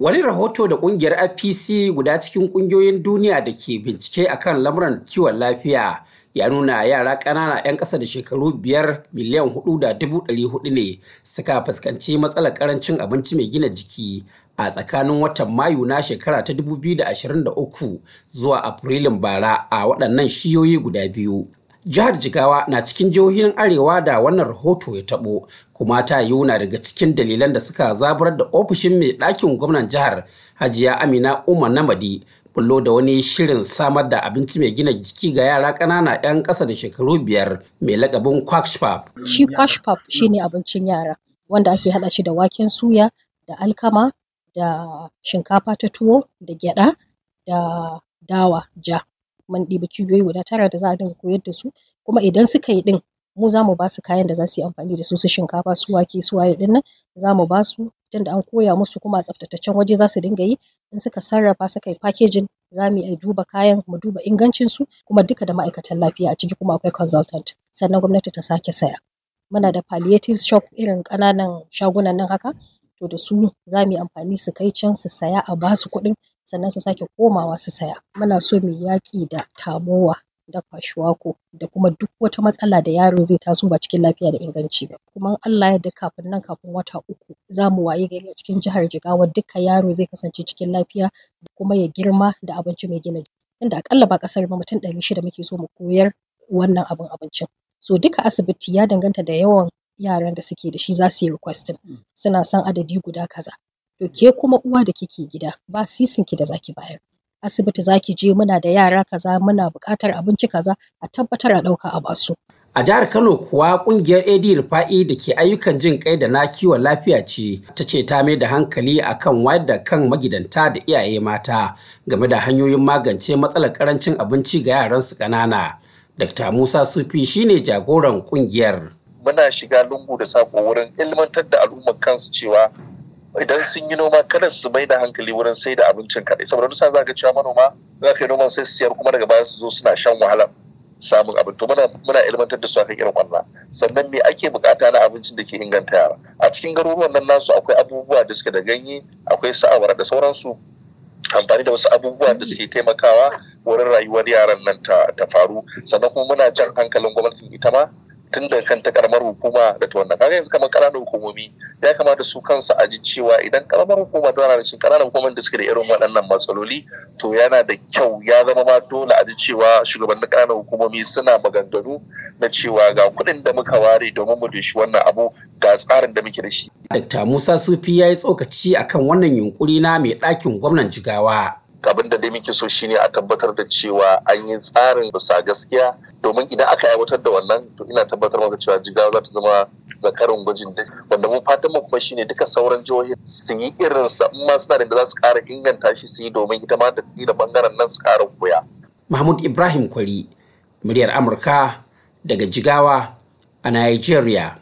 Wani rahoto da kungiyar FPC guda cikin kungiyoyin duniya da ke bincike akan lamuran kiwon lafiya ya nuna yara ƙanana 'yan ƙasa da shekaru biyar miliyan hudu da dubu ɗari hudu ne suka fuskanci matsalar ƙarancin abinci mai gina jiki a tsakanin watan mayu na shekara ta 2023 zuwa afrilun bara a waɗannan shiyoyi guda biyu Jihar Jigawa na cikin jihohin Arewa da wannan rahoto ya taɓo, kuma ta yi na daga cikin dalilan da suka zaburar da ofishin mai ɗakin gwamnan jihar Hajiya Amina Umar Namadi bullo da wani shirin samar da abinci mai gina jiki ga yara ƙanana 'yan ƙasa da shekaru biyar mai lakabin kwakshpap. Shi kwakshpap shi ne abincin yara wanda ake haɗa shi da waken suya da alkama da shinkafa ta tuwo da gyaɗa da dawa ja. mun ɗibi cibiyoyi guda tara da za a dinga koyar da su kuma idan suka yi ɗin mu za mu ba su kayan da za su yi amfani da su su shinkafa su wake su waye ɗin nan za mu ba su tunda an koya musu kuma a tsaftataccen waje za su dinga yi in suka sarrafa suka yi packaging za mu yi duba kayan mu duba ingancin su kuma duka da ma'aikatan lafiya a ciki kuma akwai consultant sannan gwamnati ta sake saya muna da palliative shop irin kananan shagunan nan haka to da su za mu yi amfani su kai can su saya a ba su kuɗin sannan su sake komawa su saya. Muna so mu yaki yaƙi da tamowa da kwashiorkor da kuma duk wata matsala da yaro zai taso ba cikin lafiya da inganci ba. Kuma Allah ya yarda kafin nan kafin wata uku za mu waye gari a cikin jihar Jigawa duka yaro zai kasance cikin lafiya da kuma ya girma da abinci mai gina jiki. Tunda akalla ba kasar ba mutum ɗari shida muke so mu koyar wannan abin abincin. So duka asibiti ya danganta da yawan yaran da suke da shi za su yi requesting. Mm. Suna son adadi guda kaza. To ke kuma uwa da kike gida ba sisin ki da zaki bayar. Asibiti zaki je muna da yara kaza muna buƙatar abinci kaza a tabbatar a ɗauka a basu. A jihar Kano kuwa kungiyar AD Rufa'i da ke ayyukan jin kai da na kiwon lafiya ce ta ce ta mai da hankali akan wayar da kan magidanta da iyaye mata game da hanyoyin magance matsalar karancin abinci ga yaran su ƙanana. Dr. Musa Sufi shine jagoran kungiyar. Muna shiga lungu da sako wurin ilmantar da al'ummar kansu cewa idan sun yi noma kada su mai da hankali wurin sai da abincin kadai. saboda wani za ka cewa manoma za ka yi noman sai su siyar kuma daga baya su zo suna shan wahala samun abin to muna muna ilmantar da su akan irin wannan sannan me ake bukata na abincin da ke inganta yara a cikin garuruwan nan nasu akwai abubuwa da suke da ganye akwai sa'awar da sauransu amfani da wasu abubuwa da suke taimakawa wurin rayuwar yaran nan ta faru sannan kuma muna jan hankalin gwamnatin ita ma tun da kan karamar hukuma da ta wannan kaga yanzu kamar ƙananan hukumomi ya kamata su kansu a ji cewa idan karamar hukuma tana da shi ƙananan hukumomin da suke da irin waɗannan matsaloli to yana da kyau ya zama ma dole a ji cewa shugabannin ƙananan hukumomi suna maganganu na cewa ga kuɗin da muka ware domin mu dushi wannan abu ga tsarin da muke da shi. Dr. Musa Sufi ya yi tsokaci akan wannan yunkuri na mai ɗakin gwamnan Jigawa. abin da dai muke so shine a tabbatar da cewa an yi tsarin bisa gaskiya domin idan aka aiwatar da wannan to ina tabbatar maka cewa jigawa za ta zama zakarin gwajin da wanda mun fatan mu kuma shine duka sauran jihohi su yi irin sa in ma suna da za su ƙara inganta shi su yi domin ita ma da da bangaren nan su ƙara koya. Mahmud Ibrahim Kwari, muryar Amurka daga Jigawa a Nigeria.